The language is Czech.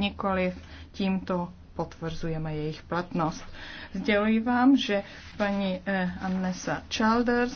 nikoliv tímto potvrzujeme jejich platnost. Sděluji vám, že paní eh, Annesa Childers